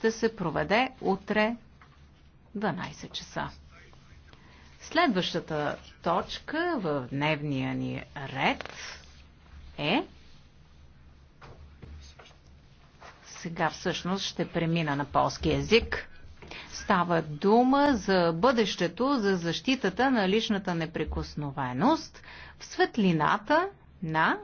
ще се проведе утре 12 часа. Следващата точка в дневния ни ред е сега всъщност ще премина на полски язик. Става дума за бъдещето, за защитата на личната неприкосновеност в светлината на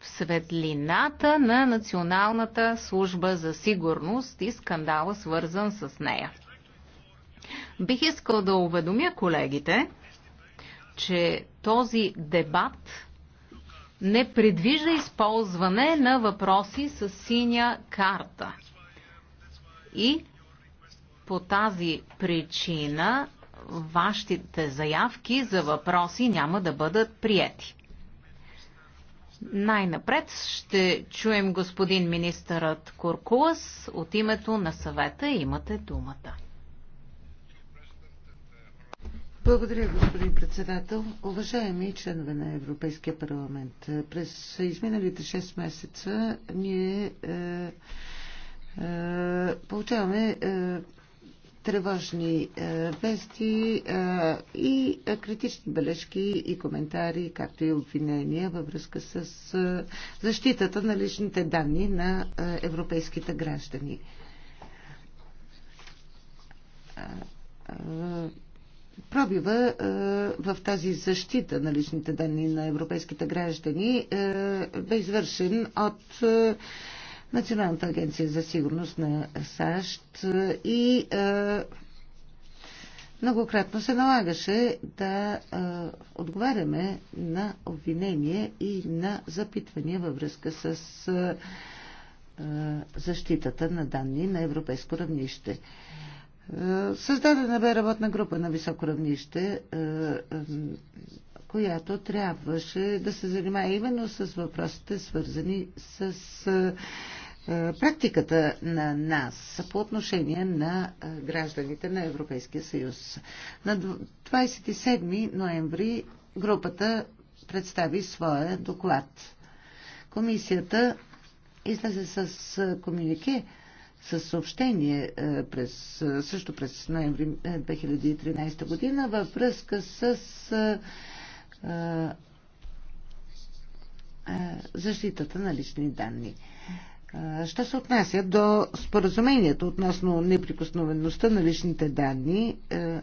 в светлината на Националната служба за сигурност и скандала, свързан с нея. Бих искал да уведомя колегите, че този дебат не предвижда използване на въпроси с синя карта. И по тази причина вашите заявки за въпроси няма да бъдат прияти. Най-напред ще чуем господин министърът Куркулас от името на съвета. Имате думата. Благодаря, господин председател. Уважаеми членове на Европейския парламент, през изминалите 6 месеца ние е, е, получаваме е, тревожни е, вести е, и е, критични бележки и коментари, както и обвинения във връзка с защитата на личните данни на европейските граждани пробива в тази защита на личните данни на европейските граждани бе извършен от Националната агенция за сигурност на САЩ и е, многократно се налагаше да е, отговаряме на обвинения и на запитвания във връзка с е, защитата на данни на европейско равнище. Създадена бе работна група на високо равнище, която трябваше да се занимае именно с въпросите, свързани с практиката на нас по отношение на гражданите на Европейския съюз. На 27 ноември групата представи своя доклад. Комисията излезе с комюнике, с съобщение през, също през ноември 2013 година във връзка с защитата на лични данни. Що се отнася до споразумението относно неприкосновеността на личните данни, е, е,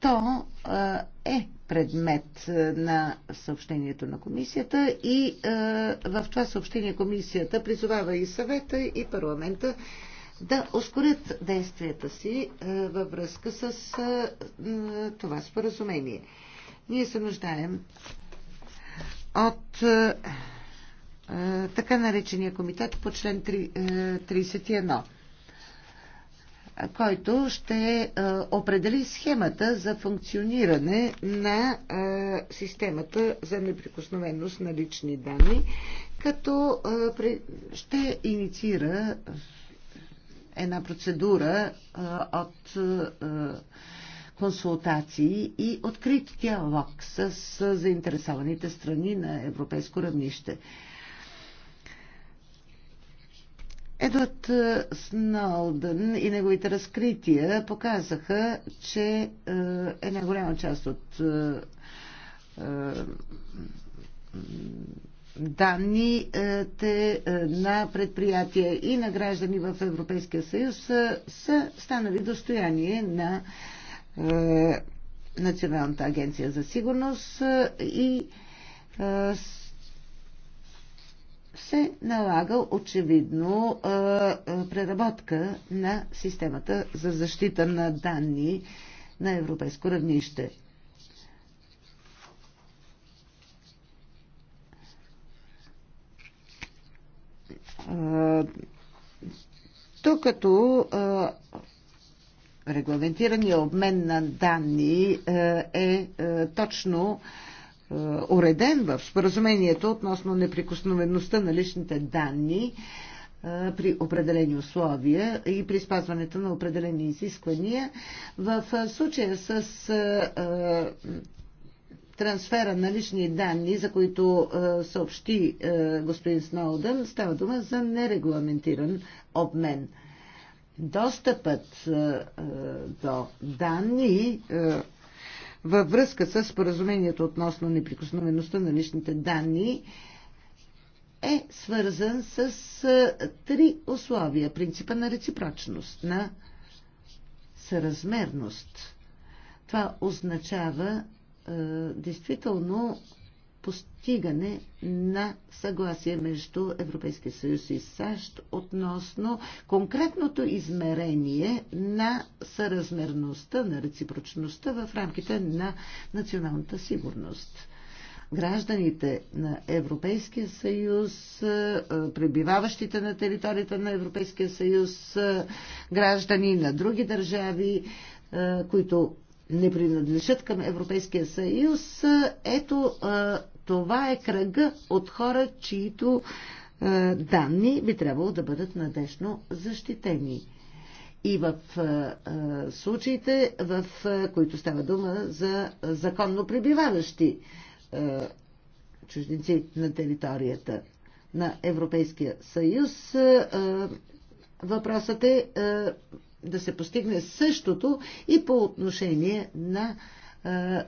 то е, е предмет на съобщението на комисията и в това съобщение комисията призовава и съвета и парламента да ускорят действията си във връзка с това споразумение. Ние се нуждаем от е, така наречения комитет по член 31 е, който ще е, определи схемата за функциониране на системата за неприкосновеност на лични данни, като ще инициира една процедура от консултации и открит диалог с заинтересованите страни на европейско равнище. Едуард е, Сноудън и неговите разкрития показаха, че е, една голяма част от е, данните на предприятия и на граждани в Европейския съюз са, са станали достояние на е, Националната агенция за сигурност и е, се налага очевидно преработка на системата за защита на данни на европейско равнище. като регламентирания обмен на данни е точно е, уреден в споразумението относно неприкосновеността на личните данни е, при определени условия и при спазването на определени изисквания. В е, случая с трансфера на лични данни, за които съобщи господин Сноуден, става дума за нерегламентиран обмен. Достъпът до данни във връзка с споразумението относно неприкосновеността на личните данни е свързан с три условия. Принципа на реципрочност, на съразмерност. Това означава е, действително постигане на съгласие между Европейския съюз и САЩ относно конкретното измерение на съразмерността, на реципрочността в рамките на националната сигурност гражданите на Европейския съюз, е, пребиваващите на територията на Европейския съюз, е, граждани на други държави, е, които не принадлежат към Европейския съюз. Ето, това е кръга от хора, чието е, данни би трябвало да бъдат надежно защитени. И в е, е случаите, в е, които става дума за законно пребиваващи е, чужденци на територията на Европейския съюз, е, е, въпросът е, е да се постигне същото и по отношение на е,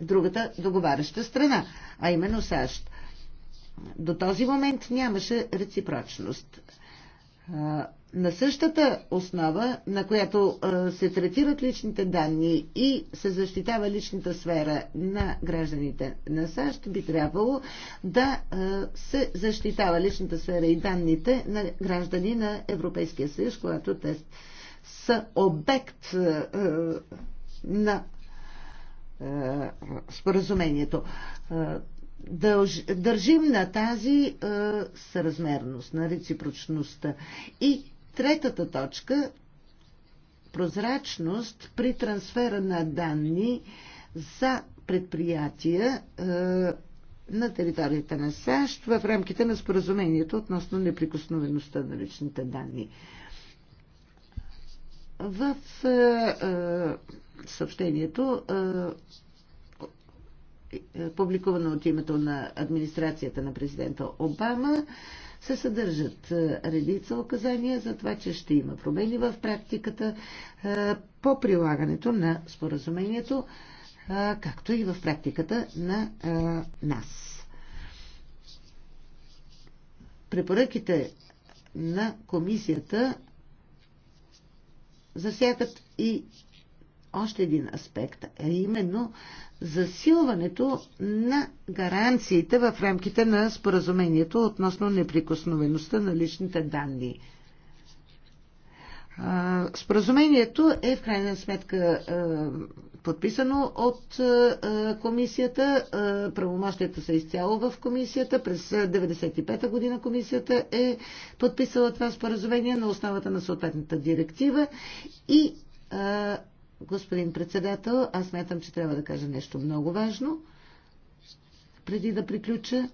другата договаряща страна, а именно САЩ. До този момент нямаше реципрочност. На същата основа, на която се третират личните данни и се защитава личната сфера на гражданите на САЩ, би трябвало да се защитава личната сфера и данните на граждани на Европейския съюз, когато те са обект на е, споразумението. Е, дълж, държим на тази е, съразмерност, на реципрочността. И третата точка прозрачност при трансфера на данни за предприятия е, на територията на САЩ в рамките на споразумението относно неприкосновеността на личните данни. В е, е, съобщението, публикувано от името на администрацията на президента Обама, се съдържат редица указания за това, че ще има промени в практиката по прилагането на споразумението, както и в практиката на нас. Препоръките на комисията засягат и още един аспект, а е именно засилването на гаранциите в рамките на споразумението относно неприкосновеността на личните данни. Споразумението е в крайна сметка подписано от комисията. Правомощията са изцяло в комисията. През 1995 година комисията е подписала това споразумение на основата на съответната директива и Господин председател, аз смятам, че трябва да кажа нещо много важно. Преди да приключа,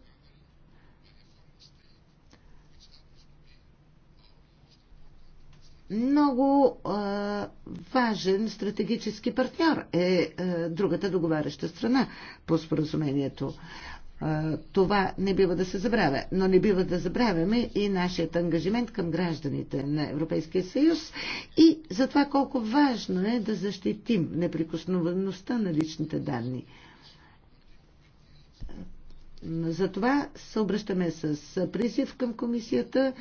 много а, важен стратегически партньор е а, е, другата договаряща страна по споразумението. Това не бива да се забравя, но не бива да забравяме и нашият ангажимент към гражданите на Европейския съюз и за това колко важно е да защитим неприкосновеността на личните данни. Затова се обръщаме с призив към комисията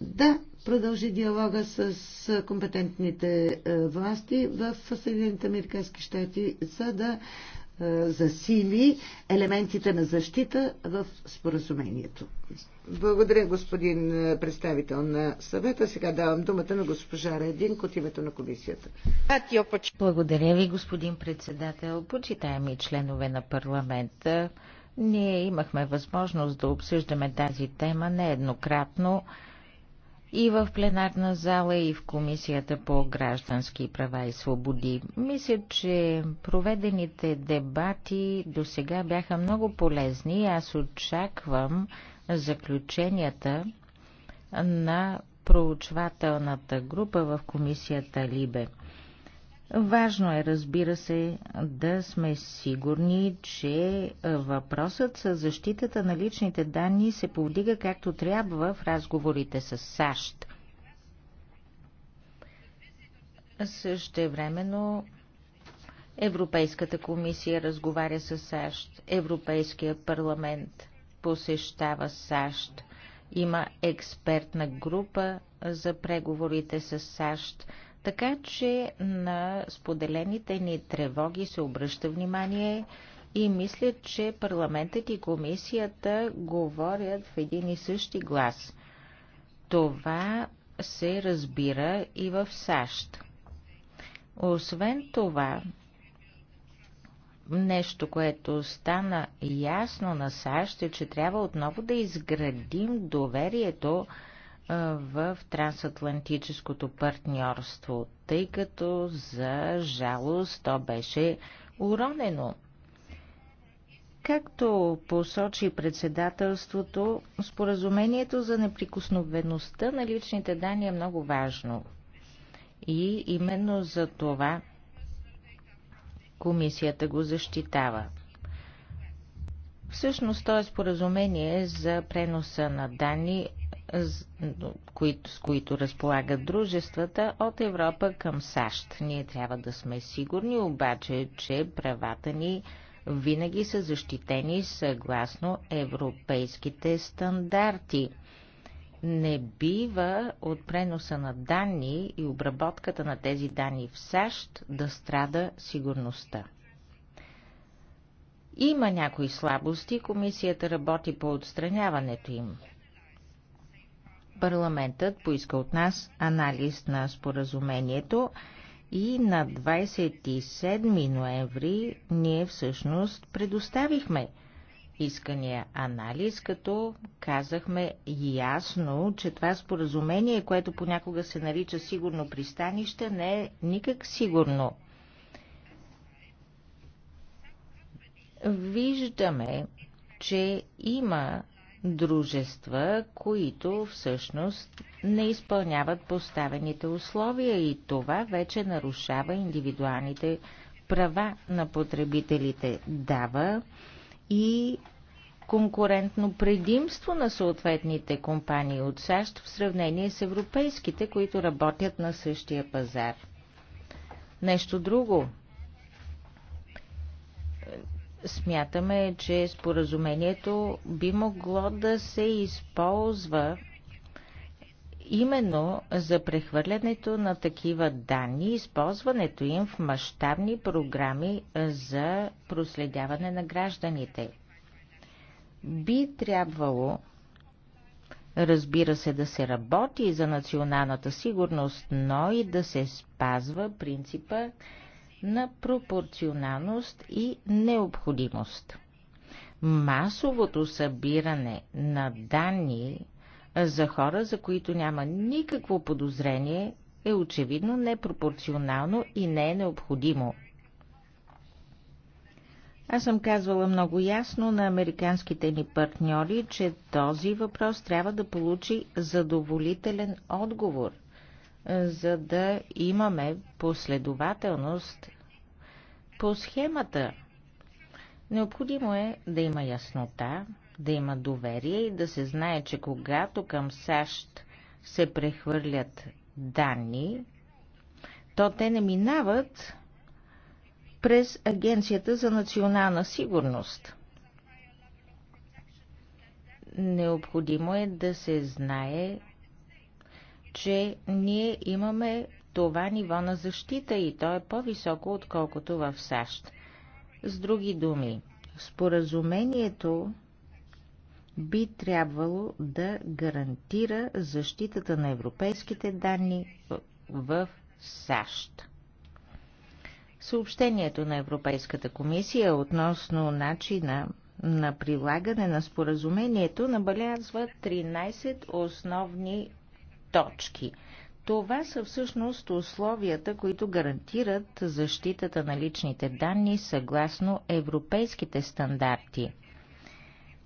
да продължи диалога с компетентните власти в Съединените Американски щати, за да е, засили елементите на защита в споразумението. Благодаря, господин е, представител на съвета. Сега давам думата на госпожа Редин от името на комисията. Благодаря ви, господин председател. Почитаеми членове на парламента, ние имахме възможност да обсъждаме тази тема нееднократно и в пленарна зала, и в Комисията по граждански права и свободи. Мисля, че проведените дебати до сега бяха много полезни. Аз очаквам заключенията на проучвателната група в Комисията Либе. Важно е, разбира се, да сме сигурни, че е, въпросът с защитата на личните данни се повдига както трябва в разговорите с САЩ. Същевременно Европейската комисия разговаря с САЩ, Европейския парламент посещава САЩ, има експертна група за преговорите с САЩ – така че на споделените ни тревоги се обръща внимание и мисля, че парламентът и комисията говорят в един и същи глас. Това се разбира и в САЩ. Освен това, нещо, което стана ясно на САЩ е, че трябва отново да изградим доверието в трансатлантическото партньорство, тъй като за жалост то беше уронено. Както посочи председателството, споразумението за неприкосновеността на личните данни е много важно. И именно за това комисията го защитава. Всъщност то е споразумение за преноса на данни с които разполагат дружествата от Европа към САЩ. Ние трябва да сме сигурни обаче, че правата ни винаги са защитени съгласно европейските стандарти. Не бива от преноса на данни и обработката на тези данни в САЩ да страда сигурността. Има някои слабости, комисията работи по отстраняването им. Парламентът поиска от нас анализ на споразумението и на 27 ноември ние всъщност предоставихме искания анализ, като казахме ясно, че това споразумение, което понякога се нарича сигурно пристанище, не е никак сигурно. Виждаме, че има дружества, които всъщност не изпълняват поставените условия и това вече нарушава индивидуалните права на потребителите. Дава и конкурентно предимство на съответните компании от САЩ в сравнение с европейските, които работят на същия пазар. Нещо друго. Смятаме, че споразумението би могло да се използва именно за прехвърлянето на такива данни, използването им в мащабни програми за проследяване на гражданите. Би трябвало, разбира се, да се работи за националната сигурност, но и да се спазва принципа на пропорционалност и необходимост. Масовото събиране на данни за хора, за които няма никакво подозрение, е очевидно непропорционално и не е необходимо. Аз съм казвала много ясно на американските ни партньори, че този въпрос трябва да получи задоволителен отговор – за да имаме последователност по схемата. Необходимо е да има яснота, да има доверие и да се знае, че когато към САЩ се прехвърлят данни, то те не минават през Агенцията за национална сигурност. Необходимо е да се знае, че ние имаме това ниво на защита и то е по-високо, отколкото в САЩ. С други думи, споразумението би трябвало да гарантира защитата на европейските данни в САЩ. Съобщението на Европейската комисия относно начина на прилагане на споразумението набелязва 13 основни точки. Това са всъщност условията, които гарантират защитата на личните данни съгласно европейските стандарти.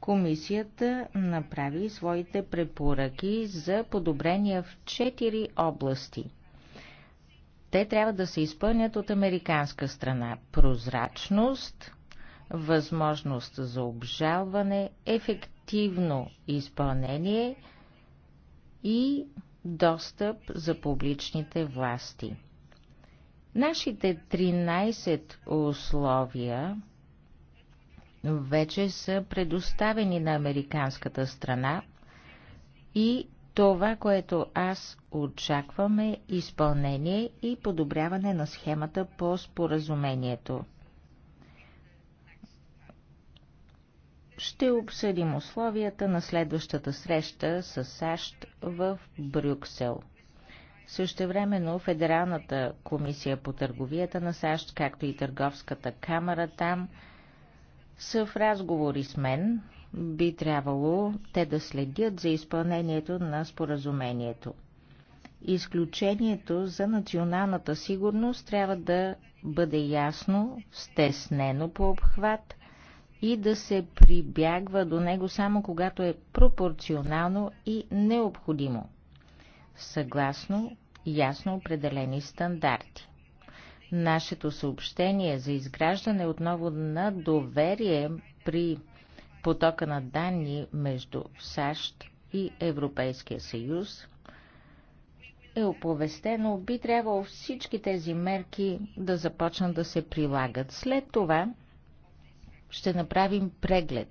Комисията направи своите препоръки за подобрения в четири области. Те трябва да се изпълнят от американска страна. Прозрачност, възможност за обжалване, ефективно изпълнение и достъп за публичните власти. Нашите 13 условия вече са предоставени на американската страна и това, което аз очакваме, е изпълнение и подобряване на схемата по споразумението. ще обсъдим условията на следващата среща с САЩ в Брюксел. Същевременно Федералната комисия по търговията на САЩ, както и Търговската камера там, са в разговори с мен. Би трябвало те да следят за изпълнението на споразумението. Изключението за националната сигурност трябва да бъде ясно, стеснено по обхват – и да се прибягва до него само когато е пропорционално и необходимо, съгласно ясно определени стандарти. Нашето съобщение за изграждане отново на доверие при потока на данни между САЩ и Европейския съюз е оповестено, би трябвало всички тези мерки да започнат да се прилагат. След това ще направим преглед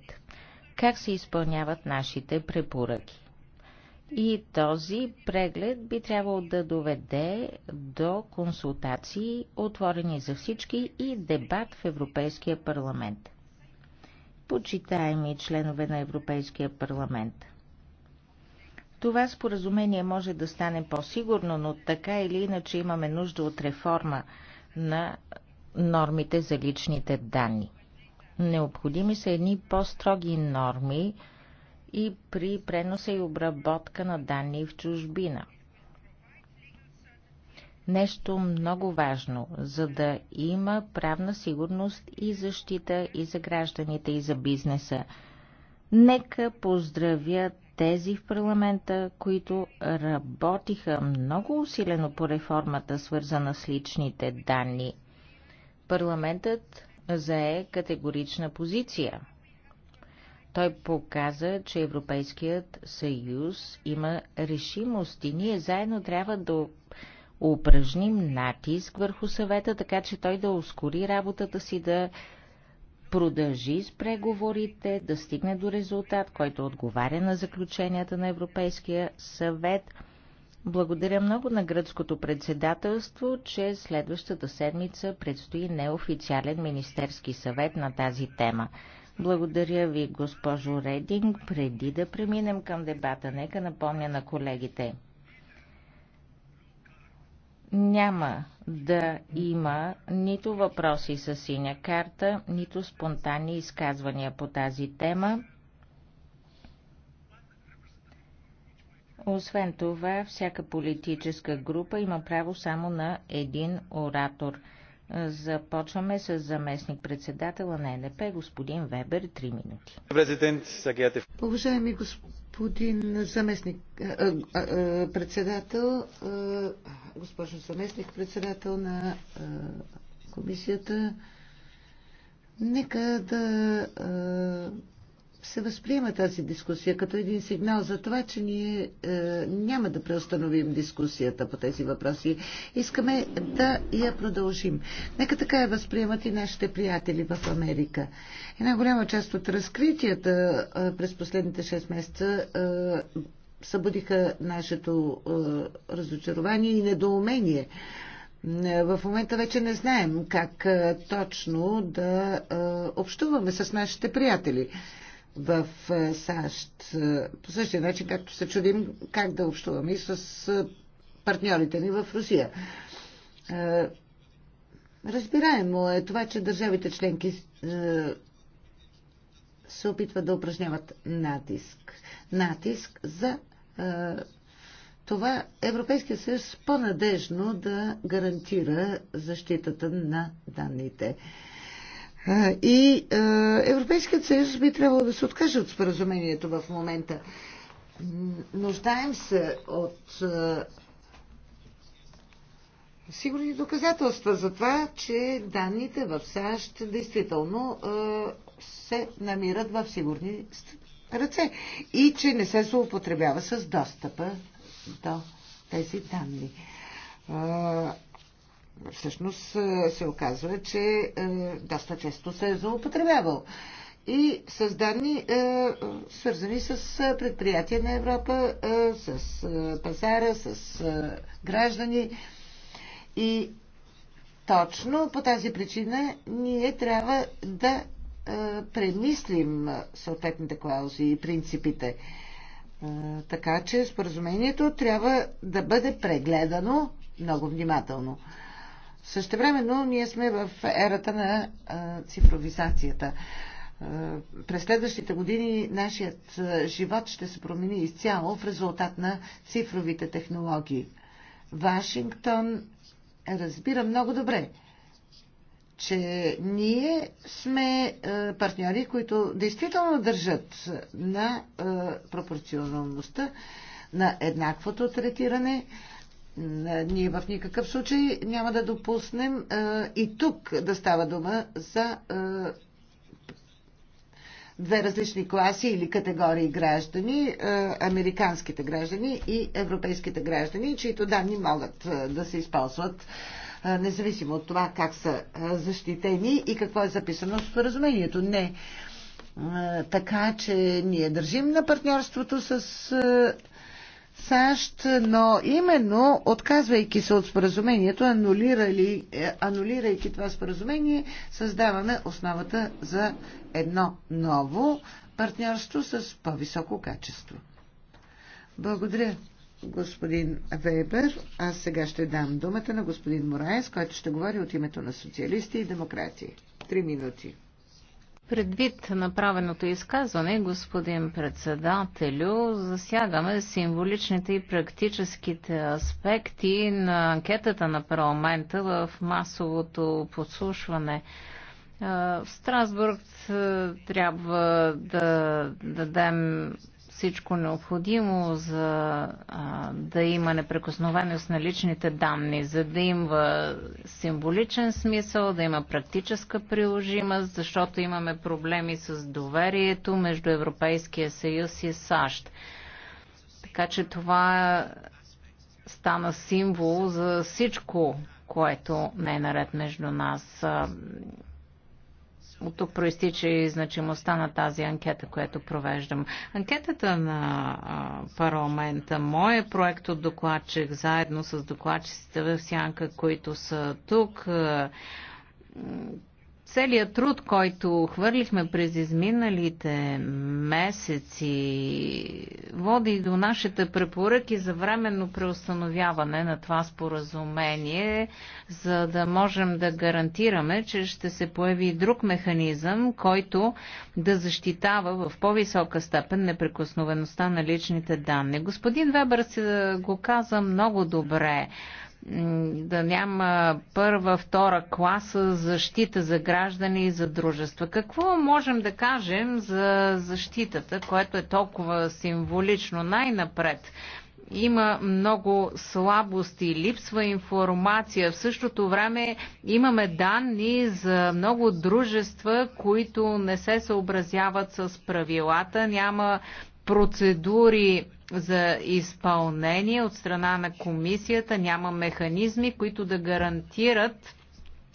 как се изпълняват нашите препоръки. И този преглед би трябвало да доведе до консултации, отворени за всички и дебат в Европейския парламент. Почитаеми членове на Европейския парламент. Това споразумение може да стане по-сигурно, но така или иначе имаме нужда от реформа на нормите за личните данни. Необходими са едни по-строги норми и при преноса и обработка на данни в чужбина. Нещо много важно, за да има правна сигурност и защита и за гражданите, и за бизнеса. Нека поздравя тези в парламента, които работиха много усилено по реформата, свързана с личните данни. Парламентът зае категорична позиция. Той показа, че Европейският съюз има решимост и ние заедно трябва да упражним натиск върху съвета, така че той да ускори работата си, да продължи с преговорите, да стигне до резултат, който отговаря на заключенията на Европейския съвет – благодаря много на гръцкото председателство, че следващата седмица предстои неофициален министерски съвет на тази тема. Благодаря ви, госпожо Рединг. Преди да преминем към дебата, нека напомня на колегите. Няма да има нито въпроси с синя карта, нито спонтанни изказвания по тази тема. Освен това, всяка политическа група има право само на един оратор. Започваме с заместник председател на е НДП, господин Вебер, 3 минути. Президент Сагиятев. Уважаеми господин заместник председател, госпожо заместник председател на комисията, нека да се възприема тази дискусия като един сигнал за това, че ние е, няма да преустановим дискусията по тези въпроси. Искаме да я продължим. Нека така я възприемат и нашите приятели в Америка. Една голяма част от разкритията е, през последните 6 месеца е, събудиха нашето е, разочарование и недоумение. Е, в момента вече не знаем как е, точно да е, общуваме с нашите приятели в е, САЩ. По същия начин, както се чудим как да общуваме и с е, партньорите ни в Русия. Е, разбираемо е това, че държавите членки се опитват да упражняват натиск. Натиск за това Европейския съюз по-надежно да гарантира защитата на данните. И Европейският съюз би трябвало да се откаже от споразумението в момента. Нуждаем се от сигурни доказателства за това, че данните в САЩ действително се намират в сигурни ръце и че не се злоупотребява с достъпа до тези данни всъщност е, се оказва, че е, доста често се е злоупотребявал. И с данни, е, свързани с предприятия на Европа, с пазара, с граждани. И точно по тази причина ние трябва да премислим съответните клаузи и принципите. Така че споразумението трябва да бъде прегледано много внимателно. Същевременно ние сме в ерата на цифровизацията. През следващите години нашият живот ще се промени изцяло в резултат на цифровите технологии. Вашингтон разбира много добре, че ние сме партньори, които действително държат на пропорционалността, на еднаквото третиране, е, ние в никакъв случай няма да допуснем е, и тук да става дума за е, две различни класи или категории граждани, американските граждани и европейските граждани, чието данни могат да се използват независимо от това как са защитени и какво е записано в споразумението. Не. Така че ние държим на партньорството с САЩ, но именно отказвайки се от споразумението, анулирали, е, анулирайки това споразумение, създаваме основата за едно ново партньорство с по-високо качество. Благодаря, господин Вебер. Аз сега ще дам думата на господин Мораес, който ще говори от името на социалисти и демократи. Три минути. Предвид направеното изказване, господин председателю, засягаме символичните и практическите аспекти на анкетата на парламента в масовото подслушване. В Страсбург трябва да дадем всичко необходимо за а, да има непрекосновеност на личните данни, за да има символичен смисъл, да има практическа приложимост, защото имаме проблеми с доверието между Европейския съюз и САЩ. Така че това стана символ за всичко, което не е наред между нас от тук проистича и значимостта на тази анкета, която провеждам. Анкетата на парламента, моят проект от докладчик, заедно с докладчиците в Сянка, които са тук, целият труд, който хвърлихме през изминалите месеци, води до нашите препоръки за временно преустановяване на това споразумение, за да можем да гарантираме, че ще се появи друг механизъм, който да защитава в по-висока степен неприкосновеността на личните данни. Господин Вебър го каза много добре да няма първа, втора класа защита за граждани и за дружества. Какво можем да кажем за защитата, което е толкова символично най-напред? има много слабости, липсва информация. В същото време имаме данни за много дружества, които не се съобразяват с правилата, няма процедури за изпълнение от страна на комисията, няма механизми, които да гарантират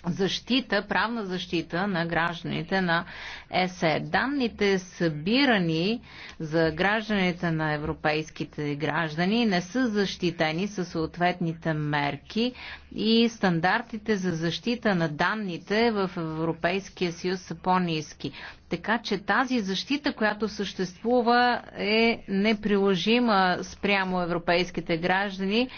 защита, правна защита на гражданите на ЕСЕ. Данните събирани за гражданите на европейските граждани не са защитени със съответните мерки и стандартите за защита на данните в Европейския съюз са по-низки. Така че тази защита, която съществува, е неприложима спрямо европейските граждани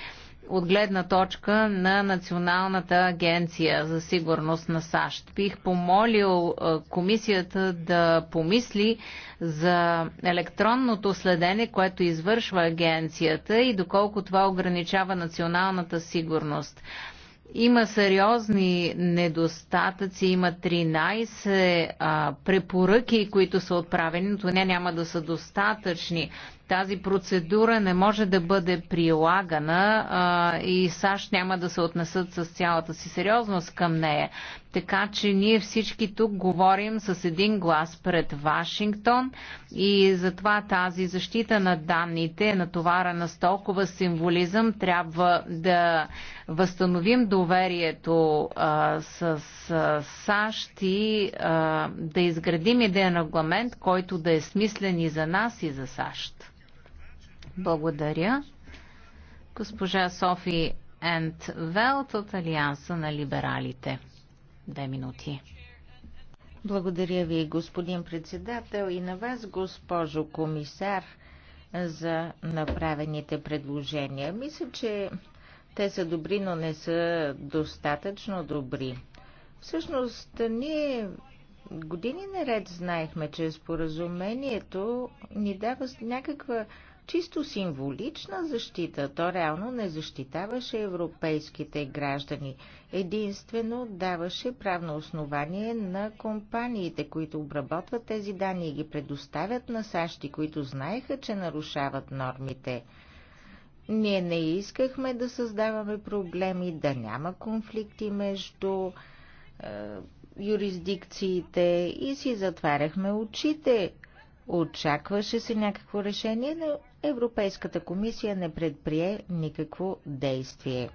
от гледна точка на Националната агенция за сигурност на САЩ. Бих помолил комисията да помисли за електронното следене, което извършва агенцията и доколко това ограничава националната сигурност. Има сериозни недостатъци, има 13 а, препоръки, които са отправени, но не няма да са достатъчни. Тази процедура не може да бъде прилагана а, и САЩ няма да се отнесат с цялата си сериозност към нея. Така че ние всички тук говорим с един глас пред Вашингтон и затова тази защита на данните е натоварена с толкова символизъм. Трябва да възстановим доверието а, с а, САЩ и а, да изградим един регламент, който да е смислен и за нас и за САЩ. Благодаря. Госпожа Софи Ент Велт от Алианса на либералите. Две минути. Благодаря ви, господин председател, и на вас, госпожо комисар, за направените предложения. Мисля, че те са добри, но не са достатъчно добри. Всъщност, ние години наред знаехме, че споразумението ни дава някаква чисто символична защита. То реално не защитаваше европейските граждани. Единствено даваше правно основание на компаниите, които обработват тези данни и ги предоставят на САЩ, които знаеха, че нарушават нормите. Ние не искахме да създаваме проблеми, да няма конфликти между е, юрисдикциите и си затваряхме очите Очакваше се някакво решение, но Европейската комисия не предприе никакво действие.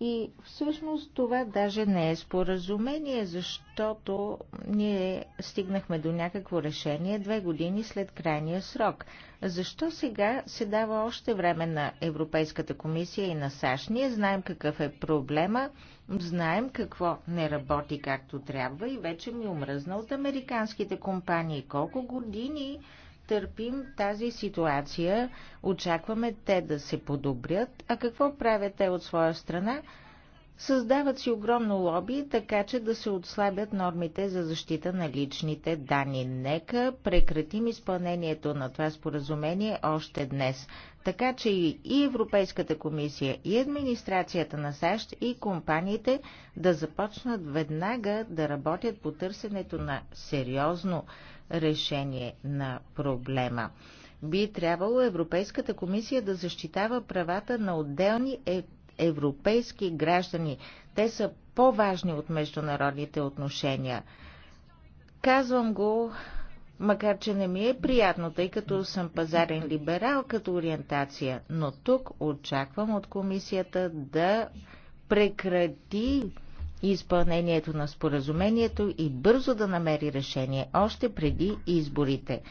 И всъщност това даже не е споразумение, защото ние стигнахме до някакво решение две години след крайния срок. Защо сега се дава още време на Европейската комисия и на САЩ? Ние знаем какъв е проблема. Знаем какво не работи както трябва и вече ми омръзна от американските компании. Колко години търпим тази ситуация, очакваме те да се подобрят, а какво правят те от своя страна? Създават си огромно лоби, така че да се отслабят нормите за защита на личните данни. Нека прекратим изпълнението на това споразумение още днес, така че и Европейската комисия, и администрацията на САЩ, и компаниите да започнат веднага да работят по търсенето на сериозно решение на проблема. Би трябвало Европейската комисия да защитава правата на отделни е, европейски граждани. Те са по-важни от международните отношения. Казвам го, макар че не ми е приятно, тъй като съм пазарен либерал като ориентация, но тук очаквам от комисията да прекрати изпълнението на споразумението и бързо да намери решение още преди изборите.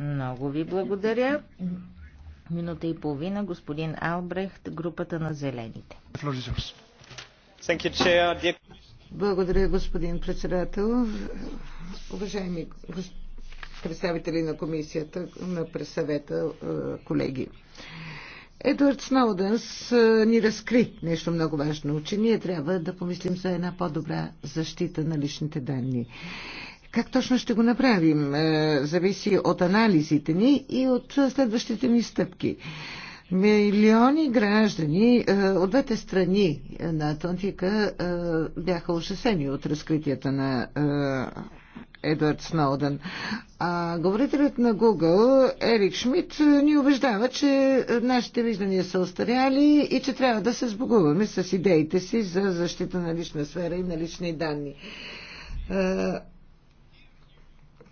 Много ви благодаря. Минута и половина, господин Албрехт, групата на зелените. Благодаря, господин председател. Уважаеми представители на комисията, на пресъвета, е, колеги. Едуард Сноудънс е, ни разкри нещо много важно, че ние трябва да помислим за една по-добра защита на личните данни. Как точно ще го направим, е, зависи от анализите ни и от следващите ни стъпки. Милиони граждани е, от двете страни на Атлантика е, бяха ужасени от разкритията на Едвард Сноуден. А говорителят на Google, Ерик Шмидт, ни убеждава, че нашите виждания са остаряли и че трябва да се сбогуваме с идеите си за защита на лична сфера и на лични данни.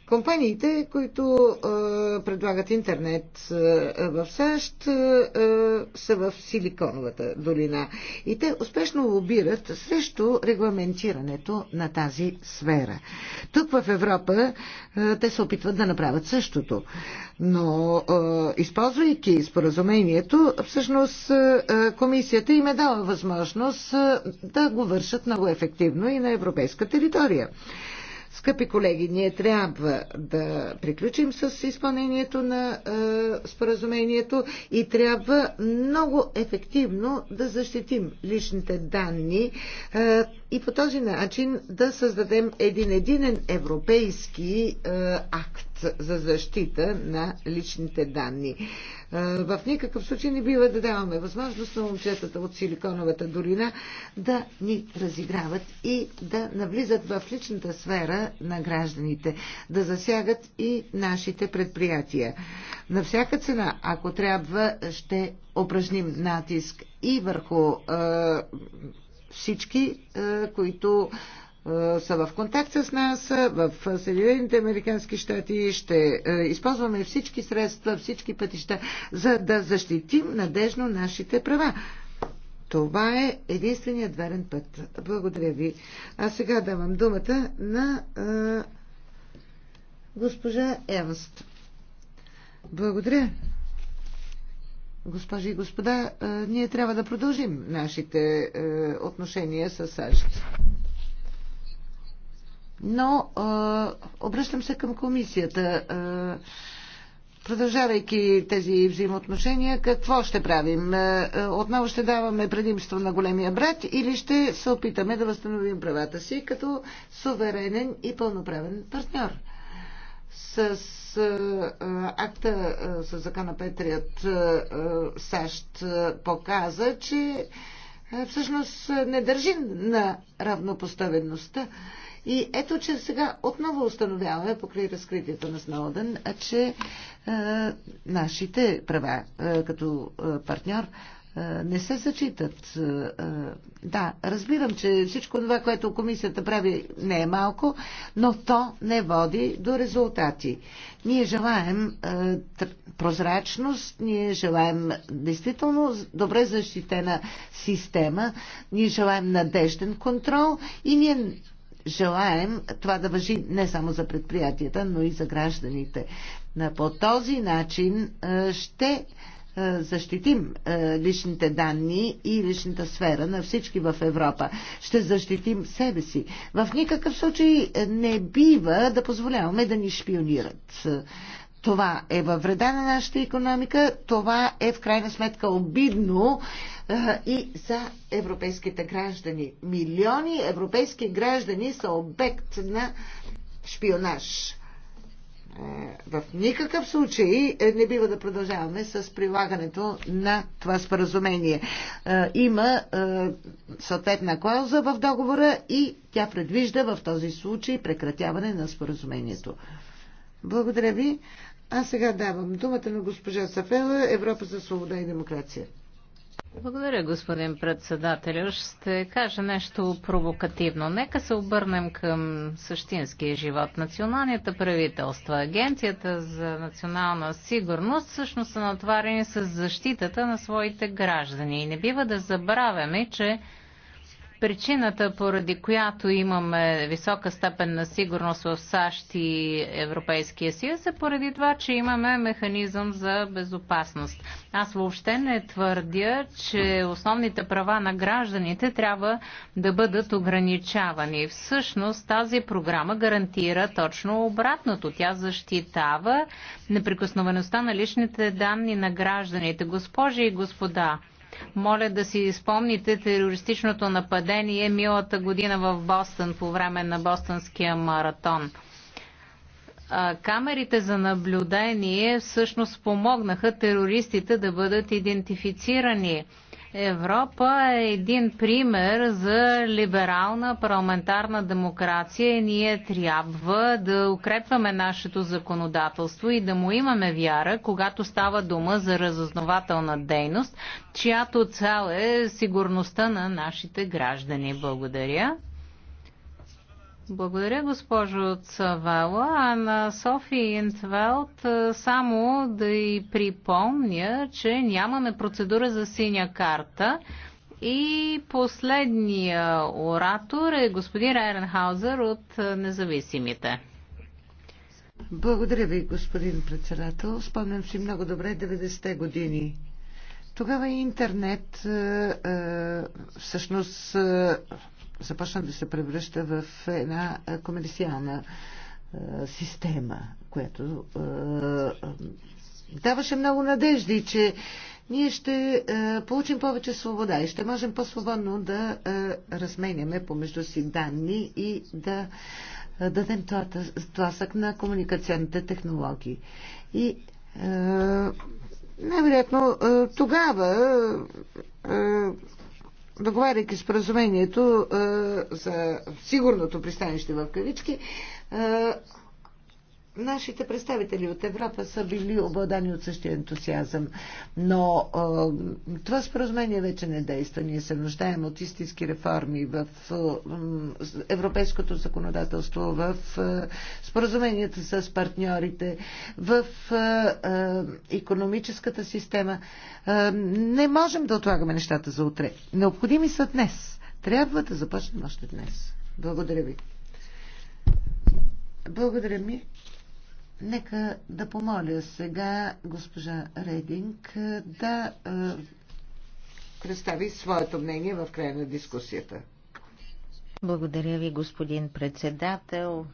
Компаниите, които а, предлагат интернет а, в САЩ, а, са в Силиконовата долина и те успешно лобират срещу регламентирането на тази сфера. Тук в Европа а, те се опитват да направят същото, но а, използвайки споразумението, всъщност а, комисията им е дала възможност а, да го вършат много ефективно и на европейска територия. Скъпи колеги, ние трябва да приключим с изпълнението на е, споразумението и трябва много ефективно да защитим личните данни е, и по този начин да създадем един единен европейски е, акт за защита на личните данни. Е, в никакъв случай не бива да даваме възможност на момчетата от Силиконовата долина да ни разиграват и да навлизат в личната сфера на гражданите, да засягат и нашите предприятия. На всяка цена, ако трябва, ще упражним натиск и върху е, всички, е, които е, са в контакт с нас е, в Съединените Американски щати. Ще е, използваме всички средства, всички пътища, за да защитим надежно нашите права. Това е единственият верен път. Благодаря ви. А сега давам думата на а, госпожа Ернст. Благодаря. Госпожи и господа, а, ние трябва да продължим нашите а, отношения с САЩ. Но а, обръщам се към комисията. А, Продължавайки тези взаимоотношения, какво ще правим? Отново ще даваме предимство на големия брат или ще се опитаме да възстановим правата си като суверенен и пълноправен партньор? С акта с закона Петрият САЩ показа, че всъщност не държи на равнопоставеността. И ето, че сега отново установяваме покрай разкритието на Сноуден, че е, нашите права е, като е, партньор е, не се зачитат. Е, е, да, разбирам, че всичко това, което комисията прави, не е малко, но то не води до резултати. Ние желаем е, прозрачност, ние желаем действително добре защитена система, ние желаем надежден контрол и ние желаем това да въжи не само за предприятията, но и за гражданите. По този начин ще защитим личните данни и личната сфера на всички в Европа. Ще защитим себе си. В никакъв случай не бива да позволяваме да ни шпионират. Това е във вреда на нашата економика, това е в крайна сметка обидно а, и за европейските граждани. Милиони европейски граждани са обект на шпионаж. В никакъв случай не бива да продължаваме с прилагането на това споразумение. Има съответна клауза в договора и тя предвижда в този случай прекратяване на споразумението. Благодаря ви. А сега давам думата на госпожа Сафела, Европа за свобода и демокрация. Благодаря, господин председател. Ще кажа нещо провокативно. Нека се обърнем към същинския живот. Националните правителства, Агенцията за национална сигурност всъщност са натварени с защитата на своите граждани. И не бива да забравяме, че Причината, поради която имаме висока степен на сигурност в САЩ и Европейския съюз е поради това, че имаме механизъм за безопасност. Аз въобще не твърдя, че основните права на гражданите трябва да бъдат ограничавани. Всъщност тази програма гарантира точно обратното. Тя защитава неприкосновеността на личните данни на гражданите. Госпожи и господа, моля да си спомните терористичното нападение милата година в Бостън по време на Бостънския маратон. Камерите за наблюдение всъщност помогнаха терористите да бъдат идентифицирани Европа е един пример за либерална парламентарна демокрация и ние трябва да укрепваме нашето законодателство и да му имаме вяра, когато става дума за разознавателна дейност, чиято цел е сигурността на нашите граждани. Благодаря. Благодаря, госпожо Цавела. А на Софи Интвелт само да й припомня, че нямаме процедура за синя карта. И последния оратор е господин Айренхаузер от Независимите. Благодаря ви, господин председател. Спомням си много добре 90-те години. Тогава интернет всъщност започна да се превръща в една комерциална система, която даваше много надежди, че ние ще получим повече свобода и ще можем по-свободно да разменяме помежду си данни и да дадем тласък на комуникационните технологии. И най-вероятно тогава договаряйки споразумението е, за сигурното пристанище в кавички, е, Нашите представители от Европа са били обладани от същия ентусиазъм, но а, това споразумение вече не действа. Ние се нуждаем от истински реформи в а, европейското законодателство, в а, споразуменията с партньорите, в а, а, економическата система. А, не можем да отлагаме нещата за утре. Необходими са днес. Трябва да започнем още днес. Благодаря ви. Благодаря ми. Нека да помоля сега госпожа Рединг е, да е, представи своето мнение в края на дискусията. Благодаря ви, господин председател.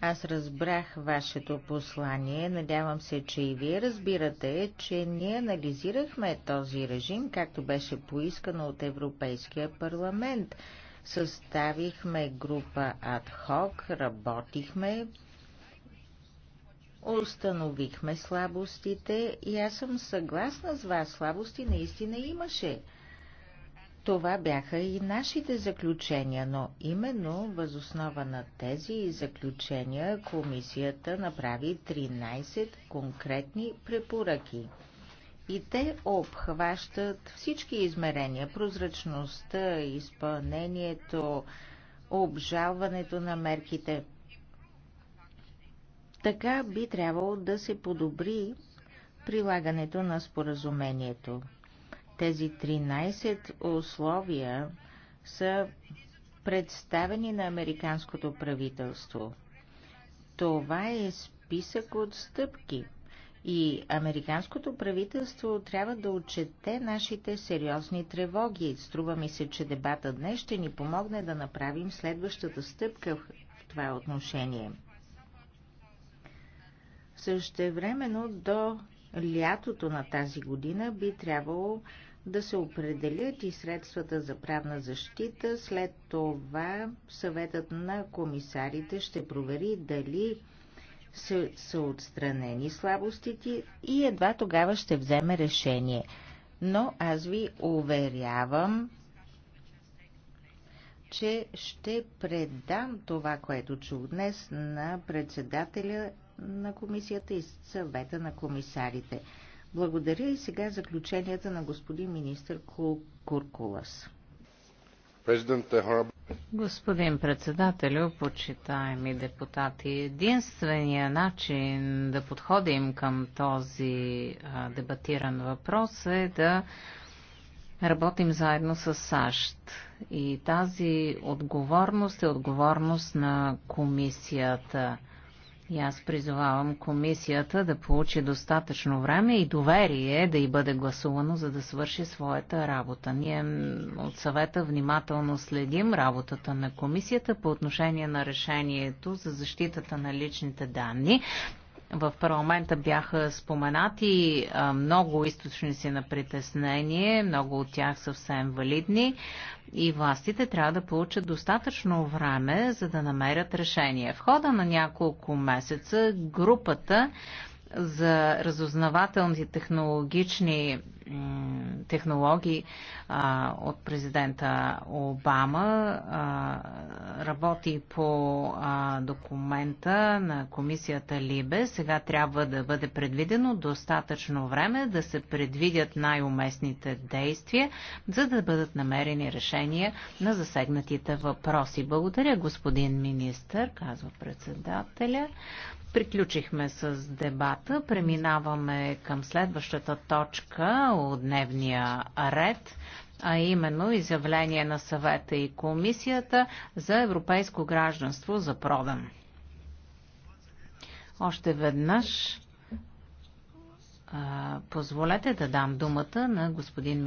Аз разбрах вашето послание. Надявам се, че и вие разбирате, че ние анализирахме този режим, както беше поискано от Европейския парламент. Съставихме група адхок, работихме установихме слабостите и аз съм съгласна с вас, слабости наистина имаше. Това бяха и нашите заключения, но именно възоснова на тези заключения комисията направи 13 конкретни препоръки. И те обхващат всички измерения – прозрачността, изпълнението, обжалването на мерките – така би трябвало да се подобри прилагането на споразумението. Тези 13 условия са представени на американското правителство. Това е списък от стъпки и американското правителство трябва да отчете нашите сериозни тревоги. Струва ми се, че дебата днес ще ни помогне да направим следващата стъпка в това отношение. Същевременно до лятото на тази година би трябвало да се определят и средствата за правна защита. След това съветът на комисарите ще провери дали са, са отстранени слабостите и едва тогава ще вземе решение. Но аз ви уверявам, че ще предам това, което чух днес на председателя на комисията и съвета на комисарите. Благодаря и сега заключенията на господин министр Куркулас. Е господин председателю, почитаеми депутати, единствения начин да подходим към този дебатиран въпрос е да работим заедно с САЩ. И тази отговорност е отговорност на комисията. И аз призовавам комисията да получи достатъчно време и доверие да й бъде гласувано, за да свърши своята работа. Ние от съвета внимателно следим работата на комисията по отношение на решението за защитата на личните данни в парламента бяха споменати много източници на притеснение, много от тях съвсем валидни и властите трябва да получат достатъчно време, за да намерят решение. В хода на няколко месеца групата за разузнавателни технологични технологии а, от президента Обама. А, работи по а, документа на комисията Либе. Сега трябва да бъде предвидено достатъчно време да се предвидят най-уместните действия, за да бъдат намерени решения на засегнатите въпроси. Благодаря, господин министър, казва председателя. Приключихме с дебата. Преминаваме към следващата точка от дневния ред, а именно изявление на съвета и комисията за европейско гражданство за продан. Още веднъж позволете да дам думата на господин